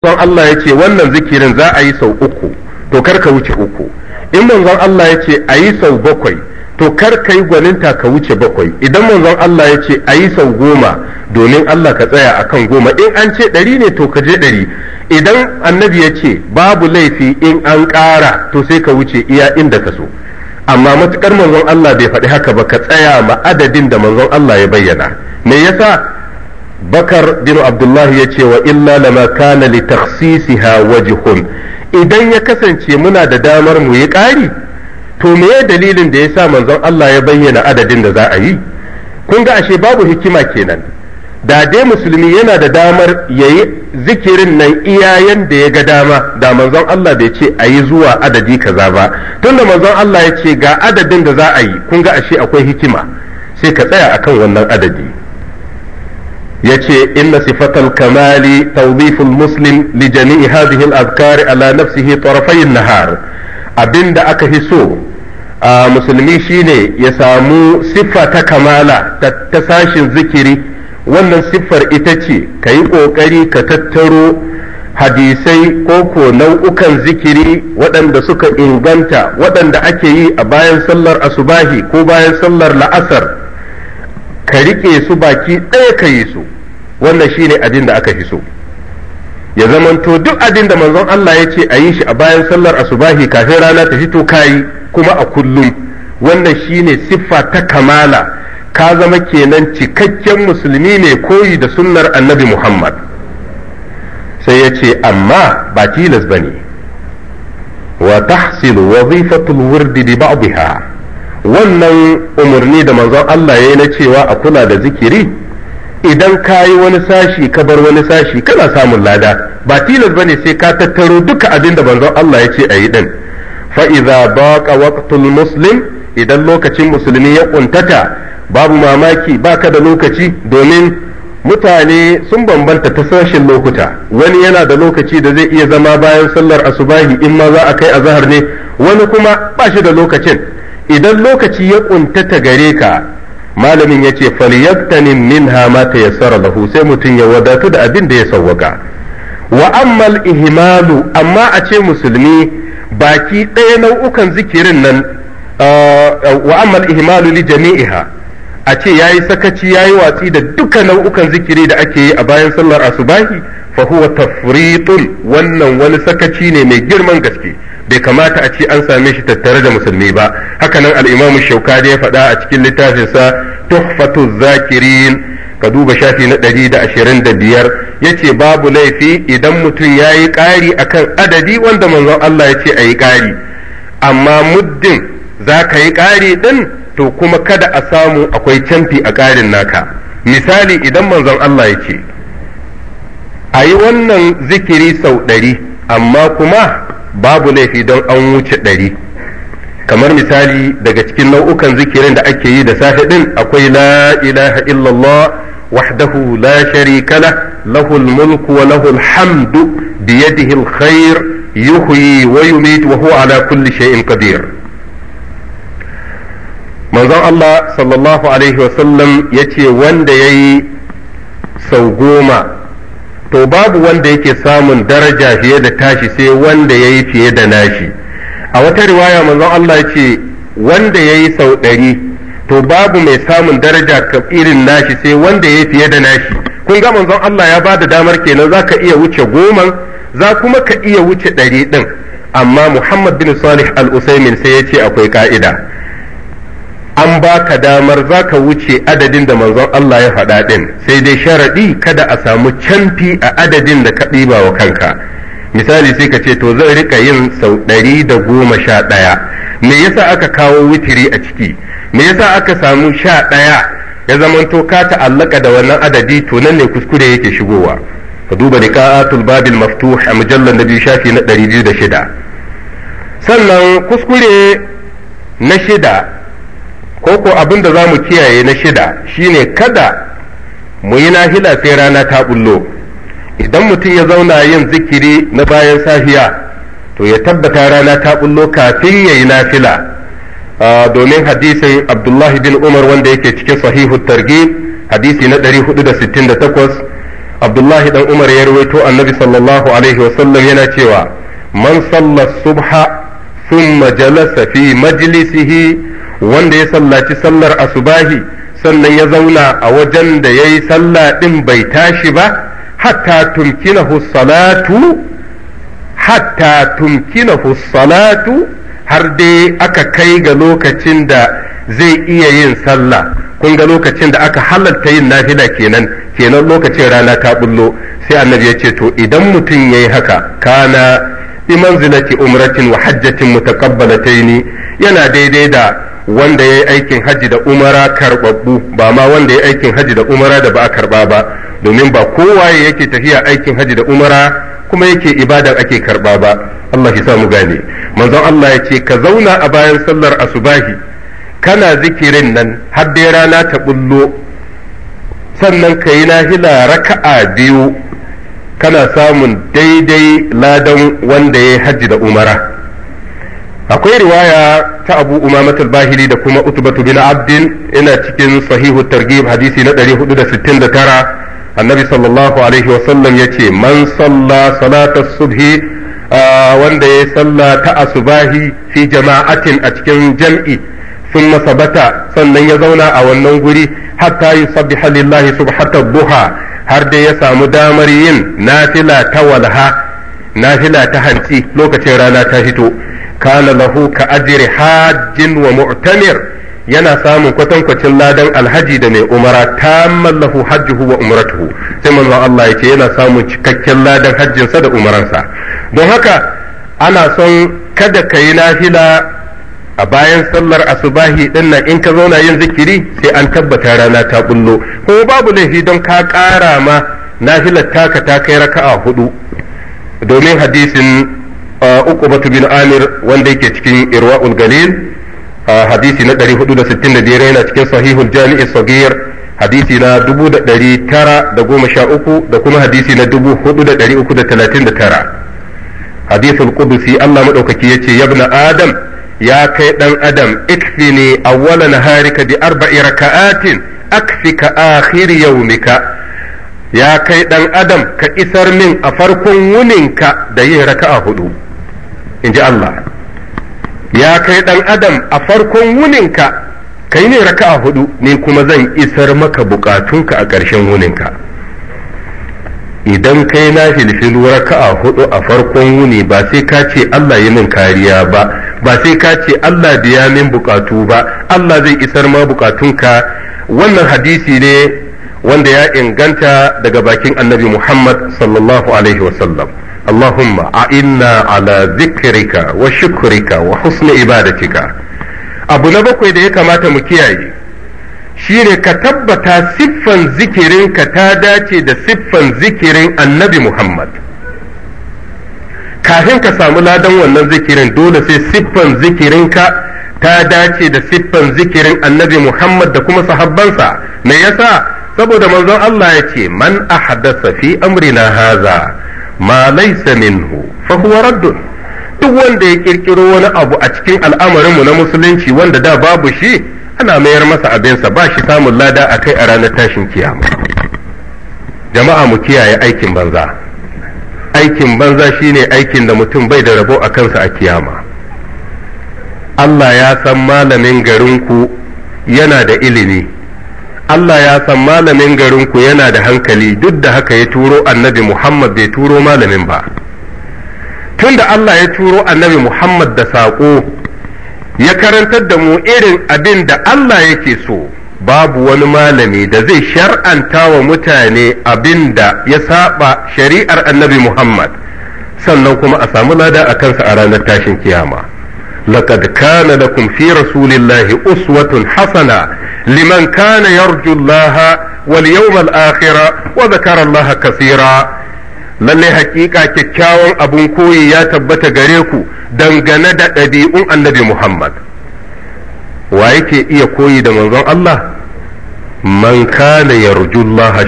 Don Allah ya ce wannan zikirin za a yi sau uku to kar ka wuce uku in manzon Allah ya ce a yi sau bakwai to kar ka yi gwaninta ka wuce bakwai idan manzon Allah ya ce a yi sau goma domin Allah ka tsaya a kan goma in an ce ɗari ne to ka je ɗari idan annabi ya ce babu laifi in an ƙara to sai ka wuce iya inda ka so amma matukar manzon Allah bai faɗi haka ba ka tsaya ma adadin da manzon Allah ya bayyana me yasa bakar bin abdullahi ya ce wa illa lama kana li takhsisiha wajhun idan ya kasance muna da damar mu yi ƙari to me ya dalilin da ya sa manzon Allah ya bayyana adadin da za a yi kun ga ashe babu hikima kenan da dai musulmi yana da damar ya yi zikirin nan iyayen da ya ga dama da manzon Allah bai ce a yi zuwa adadi kaza ba tunda manzon Allah ya ce ga adadin da za a yi kun ga ashe akwai hikima sai ka tsaya akan wannan adadi yace inna sifatal kamali tawdiful muslim li jami'i hadhihi al azkar ala nafsihi tarafay nahar abinda aka hiso a musulmi shine ya samu siffa ta kamala ta sashin zikiri wannan siffar ita ce ka yi ƙoƙari ka tattaro hadisai ko ko nau'ukan zikiri waɗanda suka inganta waɗanda ake yi a bayan sallar asubahi ko bayan sallar la'asar ka riƙe su baki ɗaya ka yi su wannan shine abin da aka fi so ya zamanto duk abin da manzon Allah ya ce a yi shi a bayan sallar asubahi kafin rana ta fito kayi kuma a kullum wannan shine siffa ta kamala ka zama kenan cikakken musulmi ne koyi da sunnar annabi Muhammad sai ya ce amma ba tilas ba ne wa tahsilu wazifatul wurdi bi ba'dha wannan umarni da manzon Allah ya yi na cewa a kula da zikiri idan ka yi wani sashi ka bar wani sashi kana samun lada ba tilas bane sai ka tattaro duka abin da banzan Allah ya ce a yi din fa idza baqa waqtul muslim idan lokacin musulmi ya kuntata babu mamaki baka da lokaci domin mutane sun bambanta ta sashin lokuta wani yana da lokaci da zai iya zama bayan sallar asubahi in ma za a kai zahar ne wani kuma ba shi da lokacin idan lokaci ya kuntata gare ka malamin ya ce falyaktanin minha ma tayassara lahu sai mutum ya wadatu da abin da ya sawwaka wa ammal ihmalu amma a ce musulmi baki ɗaya nau'ukan zikirin nan uh, wa ammal ihmalu li jami'iha a ce yayi sakaci ya yi watsi da duka nau'ukan zikiri da ake yi a bayan sallar asubahi fa huwa tafriqun wannan wani sakaci ne mai girman gaske bai kamata a ce an same shi tattare da musulmi ba hakanan al-imam ya faɗa a cikin littafinsa tuhfatu zakirin ka duba shafi na ɗari da ashirin da biyar ya ce babu laifi idan mutum ya yi ƙari akan adadi wanda manzon Allah ya ce a yi ƙari amma muddin za ka yi ƙari ɗin to kuma kada a samu akwai canfi a ƙarin naka misali idan manzon Allah ya ce a yi wannan zikiri sau ɗari amma kuma babu laifi don an wuce ɗari kamar misali daga cikin nau'ukan zikirin da ake yi da safe ɗin akwai la ilaha illallah wahdahu la sharika lah lahul mulku wa lahul hamdu biyadihi alkhair yuhyi wa yumit wa huwa ala kulli shay'in qadir manzon Allah sallallahu alaihi wasallam yace wanda yayi sau goma to babu wanda yake samun daraja fiye da tashi sai wanda ya yi fiye da nashi a wata riwaya manzon Allah ce wanda ya yi sau ɗari to babu mai samun daraja ka irin nashi sai wanda ya yi fiye da nashi kun ga manzon Allah ya ba da damar kenan za ka iya wuce goman za kuma ka iya wuce ɗari ɗin amma Muhammad bin Salih al-Usaimin sai ya ce akwai ka'ida an baka damar za ka wuce adadin da manzon Allah ya faɗa ɗin sai dai sharaɗi kada a samu canfi a adadin da ka ɗiba wa kanka misali sai ka ce to zai rika yin sau ɗari da goma sha ɗaya me yasa aka kawo witiri a ciki me yasa aka samu sha ɗaya ya zamanto ka ta'allaka da wannan adadi to nan ne kuskure yake shigowa ka duba liqa'atul babil maftuh a mujallar na biyu shafi na ɗari biyu da shida sannan kuskure na shida ko ko abin da za mu kiyaye na shida shine kada mu yi nahila sai rana ta bullo idan mutum ya zauna yin zikiri na bayan safiya to ya tabbata rana ta bullo kafin ya yi nafila domin hadisin abdullahi bin umar wanda yake cikin sahihu hadisi na 468 abdullahi dan umar ya rawaito annabi sallallahu alaihi wasallam yana cewa man salla subha thumma jalasa fi majlisihi wanda ya sallaci sallar asubahi sannan ya zauna a wajen da ya yi sallah ɗin bai tashi ba hatta tumkina salatu hatta tumkina salatu har dai aka kai ga lokacin da zai iya yin sallah kun ga lokacin da aka halarta yin nafila kenan kenan lokacin rana ta bullo sai annabi ya ce to idan mutum ya yi haka kana bimanzilati umratin wa hajjatin mutaqabbalataini yana daidai da wanda ya yi aikin hajji da umara karɓaɓɓu ba ma wanda ya yi aikin hajji da umara da ba a karɓa ba domin ba kowaye yake tafiya aikin hajji da umara kuma yake ibadar ake karɓa ba Allah ya mu gane manzon Allah ya ce ka zauna a bayan sallar asubahi kana zikirin nan har da rana ta bullo sannan ka yi nahila raka'a biyu kana samun daidai ladan wanda ya yi haji da umara akwai riwaya ta abu umamatul bahiri da kuma utubatu bin abdin ina cikin sahihu targhib hadisi na 469 annabi sallallahu alaihi wasallam yace man salla salata subhi wanda ya salla ta asubahi fi jama'atin a cikin jam'i sun masabata sannan ya zauna a wannan guri hatta sabbi halillahi subhata duha har dai ya samu damar yin nafila ta walha nafila ta hanci lokacin rana ta fito kana lahu ka ajri hajjin wa mu'tamir yana samun kwatankwacin ladan alhaji da mai umara tamman lahu hajjuhu wa umratuhu sai manzo Allah yace yana samun cikakken ladan hajjinsa da umaransa don haka ana son kada ka yi nafila a bayan sallar asubahi din nan in ka zauna yin zikiri sai an tabbata rana ta bullo ko babu laifi don ka kara ma nafilar taka ta kai raka'a hudu domin hadisin uqbatu bin amir wanda yake cikin irwaul galil hadisi na 465 yana cikin sahihul jami'i sagir hadisi na 913 da kuma hadisi na 4339 hadisul qudusi Allah maɗaukaki yace ya ibn adam ya kai dan adam ikfini awwala naharika bi arba'i raka'atin akfika akhir yawmika ya kai dan adam ka isar min a farkon wuninka da yin raka'a hudu in ji Allah ya kai ɗan adam a farkon wuninka ka yi ne a hudu ne kuma zan isar maka bukatunka a ƙarshen wuninka idan kai na filfilu a hudu a farkon wuni ba sai ka ce Allah yi min kariya ba ba sai ka ce Allah biya min bukatu ba Allah zai isar ma bukatunka wannan hadisi ne wanda ya inganta daga bakin annabi Muhammad sallallahu alaihi wasallam اللهم أئنا على ذكرك وشكرك وحسن عبادتك abu na bakwai da ya kamata mu kiyaye shine ka tabbata siffan zikirinka ta dace da siffan zikirin annabi Muhammad kafin ka samu ladan wannan zikirin dole sai siffan zikirinka ta dace da siffan zikirin annabi Muhammad da kuma sahabbansa me yasa saboda manzon Allah ya ce man ahdasa fi amrina haza ma laysa minhu fa huwa duk wanda ya kirkiro wani abu a cikin al'amarinmu na musulunci wanda da babu shi ana mayar masa abinsa ba shi samun lada a kai a ranar tashin kiyama jama'a mu kiyaye aikin banza aikin banza shine aikin da mutum bai da rabo a kansa a kiyama Allah ya san malamin garinku yana da ilimi Allah ya san malamin garinku yana da hankali duk da haka ya turo annabi Muhammad bai turo malamin ba tunda Allah ya turo annabi Muhammad da saƙo ya karantar da mu irin abin da Allah yake so babu wani malami da zai shar'anta wa mutane abin da ya saba shari'ar annabi Muhammad sannan kuma a samu lada a kansa a ranar tashin kiyama laqad kana lakum fi rasulillahi uswatun Hassana. liman kana yarju Allah wal yawmal akhira wa hakika kyakkyawan abun koyi ya tabbata gare ku dangane da ɗabi'un annabi Muhammad wa yake iya koyi da manzon Allah man kana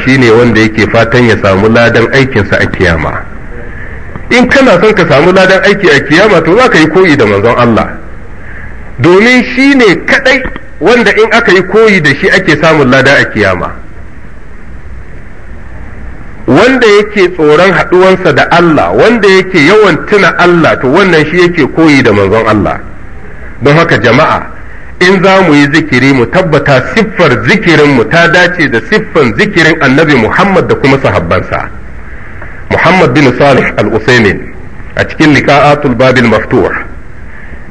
shine wanda yake fatan ya samu ladan aikinsa a kiyama in kana son ka samu ladan aiki a kiyama to za ka yi koyi da manzon Allah domin shi ne kadai wanda in aka yi koyi da shi ake samun lada a kiyama wanda yake tsoron haɗuwansa da Allah wanda yake yawan tuna Allah to wannan shi yake koyi da manzon Allah don haka jama'a in za mu yi zikiri mu tabbata siffar zikirinmu ta dace da siffan zikirin annabi Muhammad da kuma sahabbansa Muhammad bin Salih al-Usaimin a cikin liqa'atul babil maftuh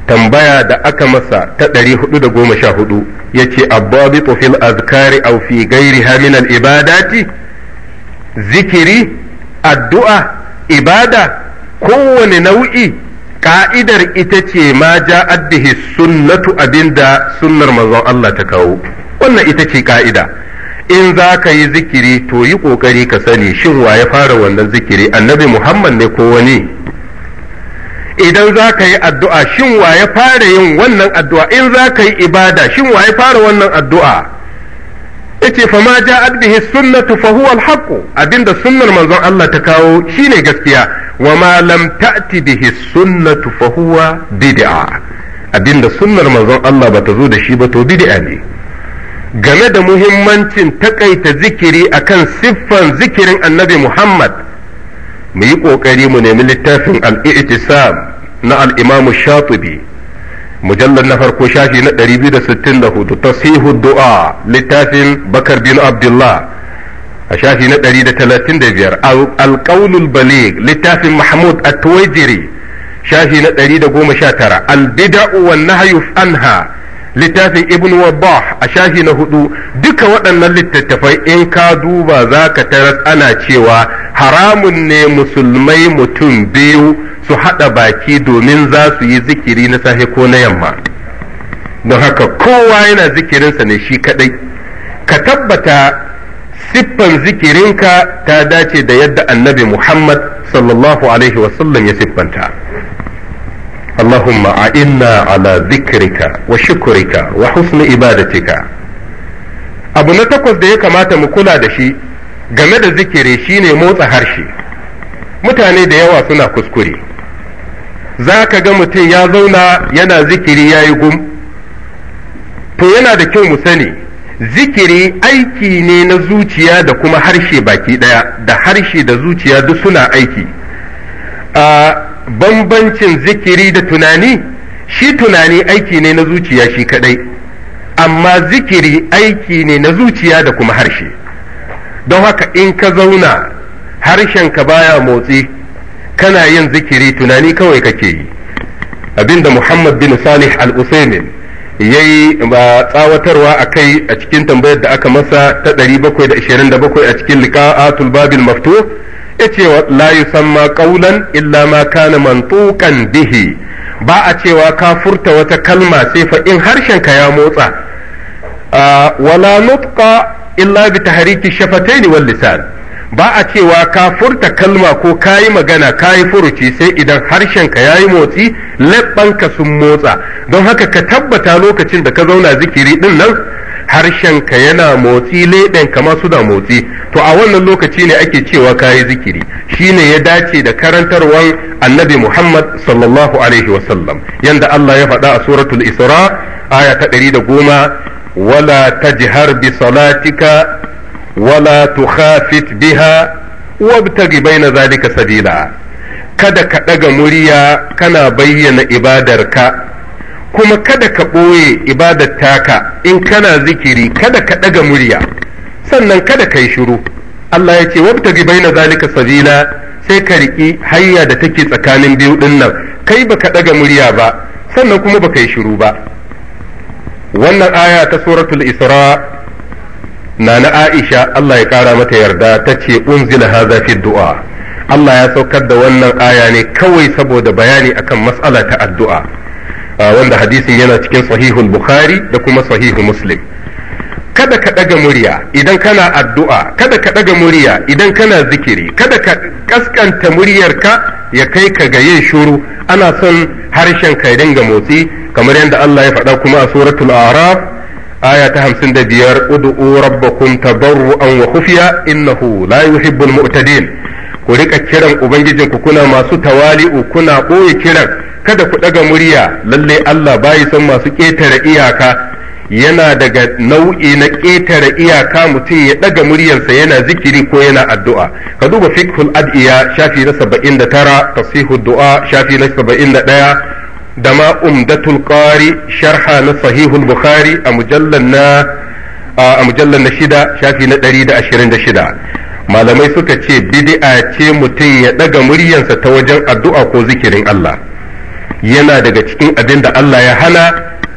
tambaya da aka masa ta ɗari hudu da goma sha hudu ya ce abbabitu fil azkari au fi gairi minal ibadati zikiri addu'a ibada kowane nau'i ƙa'idar ita ce ma ja addihi sunnatu abinda sunnar manzon Allah ta kawo wannan ita ce ka'ida in za ka yi zikiri to yi ƙoƙari ka sani shin wa ya fara wannan zikiri annabi muhammad ne ko wani idan za ka yi addu'a shin wa ya fara yin wannan addu'a in za ka yi ibada shin wa ya fara wannan addu'a yace fa ma ja bihi sunnatu fa huwa al abinda sunnar manzon Allah ta kawo shine gaskiya wa ma lam ta'ti bihi sunnatu fa huwa bid'a abinda sunnar manzon Allah bata zo da shi ba to bid'a ne game da muhimmancin takaita zikiri akan siffan zikirin annabi Muhammad mu yi ƙoƙari mu nemi littafin al'i'tisam na al'imamu shatubi mujallar na farko shafi na 264 tasihu du'a littafin bakar bin abdullah a shafi na 135 alƙaunul balig littafin mahmud a tuwajiri shafi na 119 al-bida'u wan anha littafin ibn al-Wabah a shafi na hudu duka waɗannan littattafai in ka duba za ka taras ana cewa haramun ne musulmai mutum biyu su haɗa baki domin za su yi zikiri na safe ko na yamma don haka kowa yana zikirinsa ne shi kaɗai ka tabbata siffan zikirinka ta dace da yadda annabi muhammad sallallahu alaihi wasallam ya siffanta اللهم أئنا على ذكرك وشكرك وحسن عبادتك abu na takwas da ya kamata mu kula da shi game da zikiri shine motsa harshe mutane da yawa suna kuskure za ka ga mutum ya zauna yana zikiri ya yi gum to yana da kyau mu sani zikiri aiki ne na zuciya da kuma harshe baki ɗaya da harshe da zuciya duk suna aiki a bambancin zikiri da tunani shi tunani aiki ne na zuciya shi kadai amma zikiri aiki ne na zuciya da kuma harshe don haka in ka zauna harshenka baya motsi kana yin zikiri tunani kawai kake yi abinda muhammad bin salih al-usaimin ya yi tsawatarwa a kai a cikin tambayar da aka masa ta 727 a cikin liqa'atul babil maftuh yace la yusamma qawlan illa ma kana mantuqan bihi ba a cewa ka furta wata kalma sai fa in harshenka ya motsa wala nutqa illa bi tahriki shafatayn wal lisan ba a cewa ka furta kalma ko kayi magana kayi furuci sai idan harshen ka yayi motsi labbanka sun motsa don haka ka tabbata lokacin da ka zauna zikiri din nan harshenka yana motsi leɓen kama suna motsi to a wannan lokaci ne ake cewa kayi zikiri shine ya dace da karantarwan annabi Muhammad sallallahu alaihi wasallam yanda Allah ya faɗa a suratul Isra aya ta ɗari da goma wala tajhar bi salatika wala tukhafit biha wabtagi baina zalika sabila kada ka ɗaga murya kana bayyana ibadarka kuma kada ka ɓoye ibadar taka in kana zikiri kada ka ɗaga murya sannan kada ka yi shiru Allah ya ce wabtagi baina zalika sabila sai ka riƙi hanya da take tsakanin biyu ɗin nan kai ba ka ɗaga murya ba sannan kuma ba ka yi shiru ba wannan aya ta suratul isra na na aisha Allah ya ƙara mata yarda ta ce unzila haza fi du'a Allah ya saukar da wannan aya ne kawai saboda bayani akan matsala ta addu'a wanda hadisin yana cikin sahihul bukhari da kuma sahihu muslim kada ka ɗaga murya idan kana addu'a kada ka ɗaga murya idan kana zikiri kada ka ƙaskanta muryarka ya kai ka ga yin shuru ana son harshen ka dinga motsi kamar yadda Allah ya faɗa kuma a suratul araf aya ta hamsin da biyar ud'u rabbakum tabarru'an wa khufiya innahu la yuhibbul mu'tadin ku rika kiran ku kuna masu tawali'u kuna ɓoye kiran kada ku ɗaga murya lalle Allah bayi son masu ƙetare iyaka yana daga nau'i na ƙetare iyaka mutum ya ɗaga muryarsa yana zikiri ko yana addu'a ka duba fikhul ad'iya shafi na saba'in da tara tasihu du'a shafi na saba'in da ɗaya da ma umdatul qari sharha na sahihul bukhari a mujallar na a mujallar na shida shafi na ɗari da ashirin da shida malamai suka ce bid'a ce mutum ya ɗaga muryansa ta wajen addu'a ko zikirin Allah yana daga cikin abin da Allah ya hana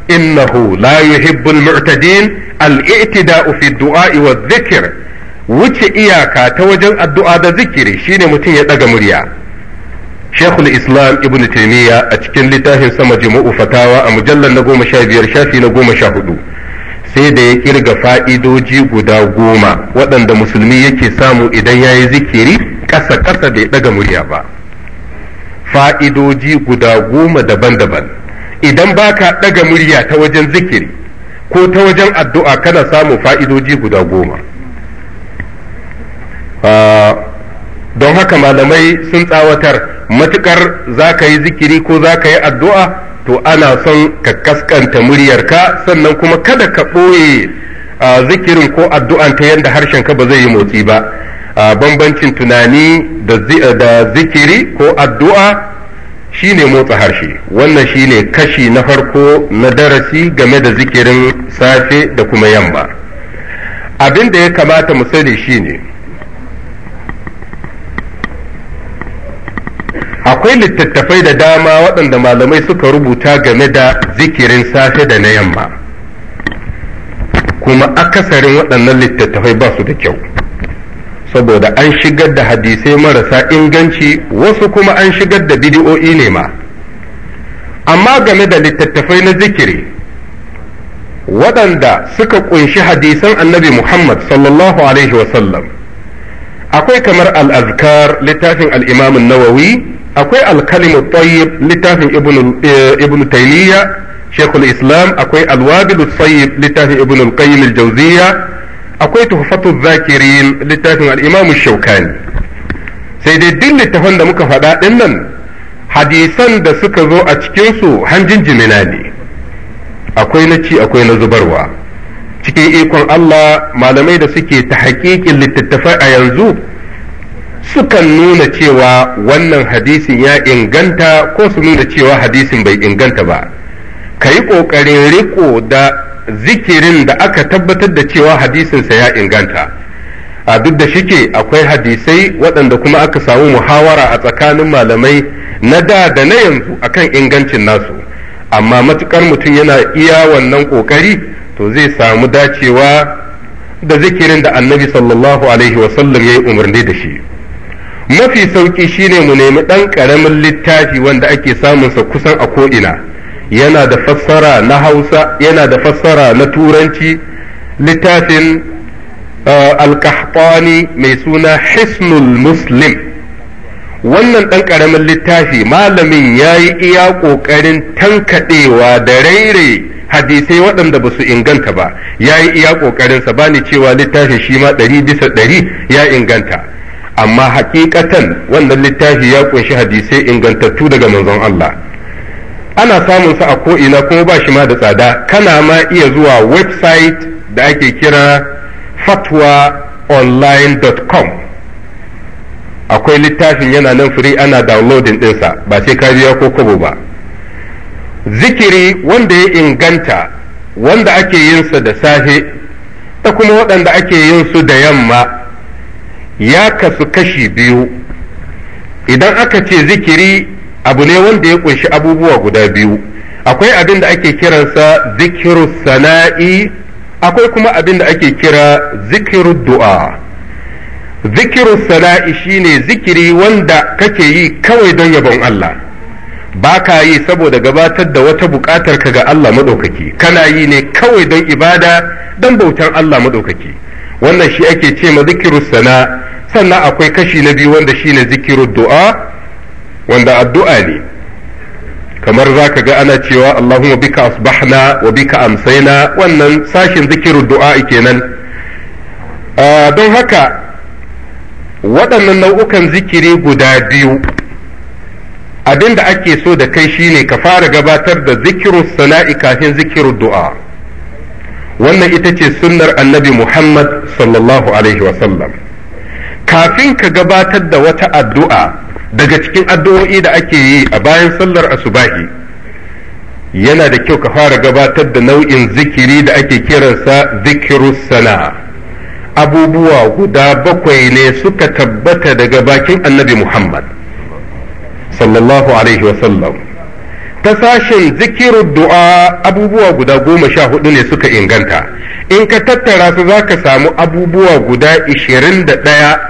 innahu la yuhibbul mu'tadin al-i'tida'u fi du'a'i wa dhikr wuce iyaka ta wajen addu'a da zikiri shine mutum ya ɗaga murya Sheikhul Islam Ibn Taymiyyah a cikin littafin sama Jumu'u Fatawa a mujallar na goma sha biyar shafi na goma sha hudu sai da ya kirga fa'idoji guda goma waɗanda musulmi yake samu idan ya yi zikiri ƙasa-ƙasa bai ɗaga murya ba fa'idoji guda goma daban-daban idan ba ka ɗaga murya ta wajen zikiri ko ta wajen addu'a kana samu fa'idoji guda goma ah, don haka malamai sun tsawatar matuƙar za ka yi zikiri ko za ka yi addu'a to ana son ka kaskanta muryarka sannan kuma kada ka ɓoye zikirin ko addu'an ta yadda ka ba zai yi motsi ba bambancin tunani da zikiri ko addu'a shine motsa harshe wannan shine kashi na farko na darasi game da zikirin safe da kuma yamma abin da ya kamata mu sani shine akwai littattafai da dama waɗanda malamai suka rubuta game da zikirin safe da na yamma kuma akasarin waɗannan littattafai ba su da kyau saboda an shigar da hadisai marasa inganci wasu kuma an shigar da bidi'o'i ne ma amma game da littattafai na zikiri waɗanda suka ƙunshi hadisan annabi Muhammad sallallahu Alaihi wasallam akwai kamar al'azkar littafin al'imamin nawawi akwai alkalimu tayyib littafin ibn eh, taymiya shekul islam akwai alwabilu tayyib littafin ibn qayyim Jauziya akwai tuhfatu zakirin littafin Al'imamu shaukani sai dai duk littafan da muka faɗa ɗin nan hadisan da suka zo a cikinsu hanjin jimina ne akwai na ci akwai na zubarwa cikin ikon Allah malamai da suke ta haƙiƙin littattafai a yanzu sukan nuna cewa wannan hadisin ya inganta ko su nuna cewa hadisin bai inganta ba ka yi ƙoƙarin riko da zikirin da aka tabbatar da cewa hadisinsa ya inganta a duk da shike akwai hadisai waɗanda kuma aka samu muhawara a tsakanin malamai na da da na yanzu akan ingancin nasu amma matukar mutum yana iya wannan ƙoƙari to zai samu dacewa da zikirin da annabi sallallahu alaihi wasallam ya yi umarni da shi mafi sauki shine mu nemi ɗan ƙaramin littafi wanda ake samunsa kusan a ko'ina yana da fassara na hausa yana da fassara na turanci littafin eh, alkahtani mai suna hisnul muslim wannan ɗan ƙaramin littafi malamin ya yi iya ƙoƙarin tankaɗewa da raire hadisai waɗanda ba su inganta ba ya yi iya ƙoƙarinsa ba ni cewa littafin shi ma ɗari bisa ɗari ya inganta amma hakikatan wannan littafi ya kunshi hadisai ingantattu daga manzon Allah ana samun sa a ko ina kuma ba shi ma da tsada kana ma iya zuwa website da ake kira fatwaonline.com akwai littafin yana nan free ana downloading ɗinsa ba sai ka biya ko kobo ba zikiri wanda ya inganta wanda ake yinsa da safe da kuma waɗanda ake yin su da yamma ya kasu kashi biyu idan aka ce zikiri abu ne wanda ya kunshi abubuwa guda biyu akwai abin da ake kiransa zikiru sana'i akwai kuma abin da ake kira zikiru du'a zikiru sana'i shine zikiri wanda kake yi kawai don yabon Allah ba ka yi saboda gabatar da wata buƙatar ka ga Allah maɗaukaki kana yi ne kawai don ibada don bautar Allah maɗaukaki wannan shi ake ce ma zikiru sana sannan akwai kashi na biyu wanda shine zikiru du'a wanda addu'a ne kamar za ka ga ana cewa Allahumma bika asbahna wa bika amsaina wannan sashin zikiru du'a kenan don haka waɗannan nau'ukan zikiri guda biyu abinda ake so da kai shine ka fara gabatar da zikiru sana'i kafin zikiru du'a wannan ita ce sunnar annabi Muhammad sallallahu alaihi wasallam kafin ka gabatar da wata addu'a daga cikin addu'o'i da ake yi a bayan sallar asubahi yana da kyau ka fara gabatar da nau'in zikiri da ake kiransa zikirus sana abubuwa guda bakwai ne suka tabbata daga bakin annabi Muhammad sallallahu alaihi wasallam ta sashen zikirin du'a abubuwa guda goma sha hudu ne suka inganta in ka tattara su za ka samu abubuwa guda ishirin da ɗaya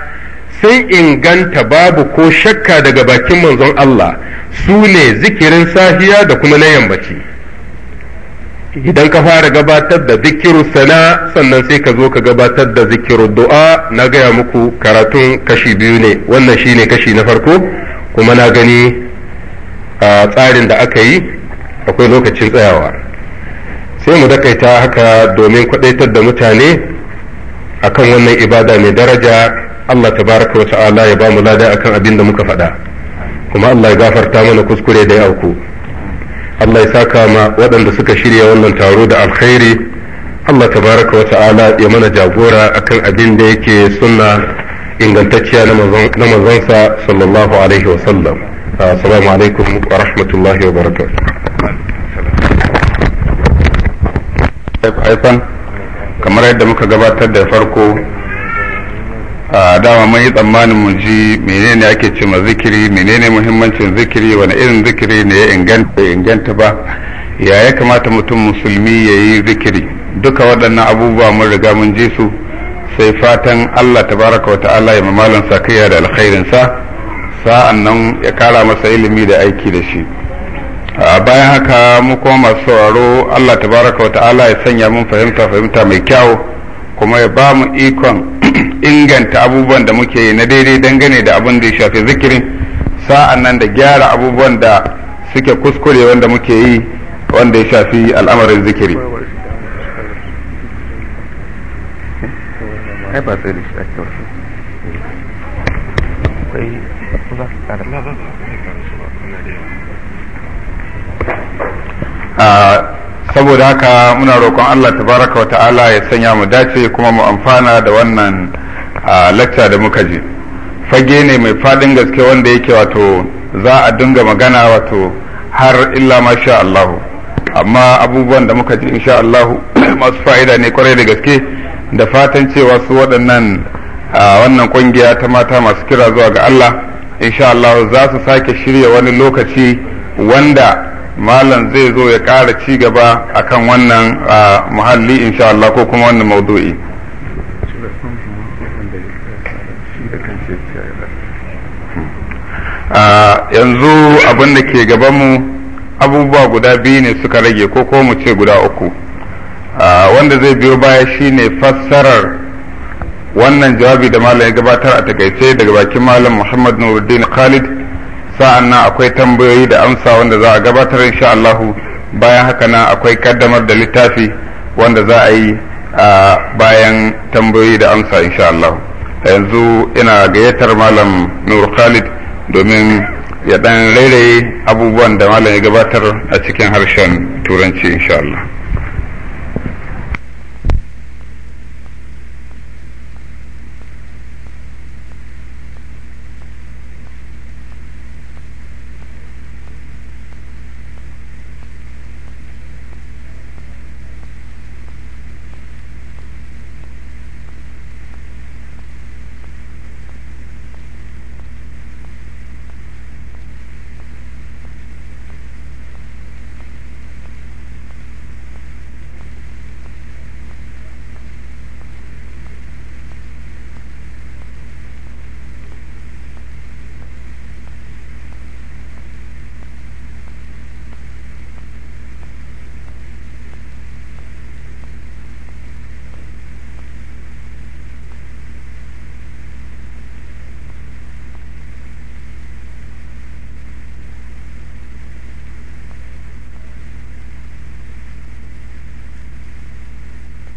sun inganta babu ko shakka daga bakin manzon Allah su ne zikirin sahiya da kuma na yammaci idan ka fara gabatar da zikiru sana sannan sai ka zo ka gabatar da zikirin du'a na gaya muku karatun kashi biyu ne wannan shine kashi na farko kuma na gani A tsarin da aka yi akwai lokacin tsayawa sai mu dakaita haka domin kwadaitar da mutane a kan wannan ibada mai daraja Allah tabaraka wa ta'ala ya ba mu lada akan abin da muka faɗa kuma Allah ya gafarta mana kuskure da ya auku Allah ya saka ma waɗanda suka shirya wannan taro da alkhairi Allah tabaraka wa ta'ala ya mana jagora akan abin da yake sunna ingantacciya na manzansa sallallahu alaihi wa sallam السلام عليكم ورحمة الله وبركاته haifan kamar yadda muka gabatar da farko a dama mun yi tsammanin mu ji menene ake cima zikiri menene muhimmancin zikiri wani irin zikiri ne ya inganta ba ya ya kamata mutum musulmi ya yi zikiri duka waɗannan abubuwa mun riga mun ji su sai fatan allah tabaraka wa ta'ala ya mamalan sakayya da alkhairinsa sa'an nan ya kara masa ilimi da aiki da shi a bayan haka mu kuma masu sauraro Allah tabaraka ta'ala ya sanya mun fahimta fahimta mai kyau kuma ya ba mu ikon inganta abubuwan da muke yi na daidai dangane da abin da ya shafi zikirin sa'an nan da gyara abubuwan da suke kuskure wanda muke yi wanda ya shafi al'amarin zikiri saboda haka muna roƙon Allah baraka wa ta'ala ya sanya mu dace kuma mu amfana da wannan lacca da muka ji fage ne mai fadin gaske wanda yake wato za a dinga magana wato har illa masha Allahu amma abubuwan da muka ji insha Allahu masu fa'ida ne kwarai da gaske da fatan cewa su waɗannan wannan ƙungiya ta mata masu kira zuwa ga Allah insha Allah za su sake shirya wani lokaci wanda malam zai zo ya ƙara ci gaba akan wannan muhalli insha Allah ko kuma wannan maudu'i yanzu abin da ke mu abubuwa guda biyu ne suka rage ko ko mu ce guda uku wanda zai biyo baya shine fassarar wannan jawabi da malam ya gabatar a takaice daga bakin malam muhammad nuruddin khalid sa'an nan akwai tambayoyi da amsa wanda za a gabatar insha allahu bayan haka nan akwai kaddamar da littafi wanda za a yi a bayan tambayoyi da amsa insha allahu yanzu ina gayyatar malam nur khalid domin ya dan rairaye abubuwan da malam ya gabatar a cikin harshen turanci insha allah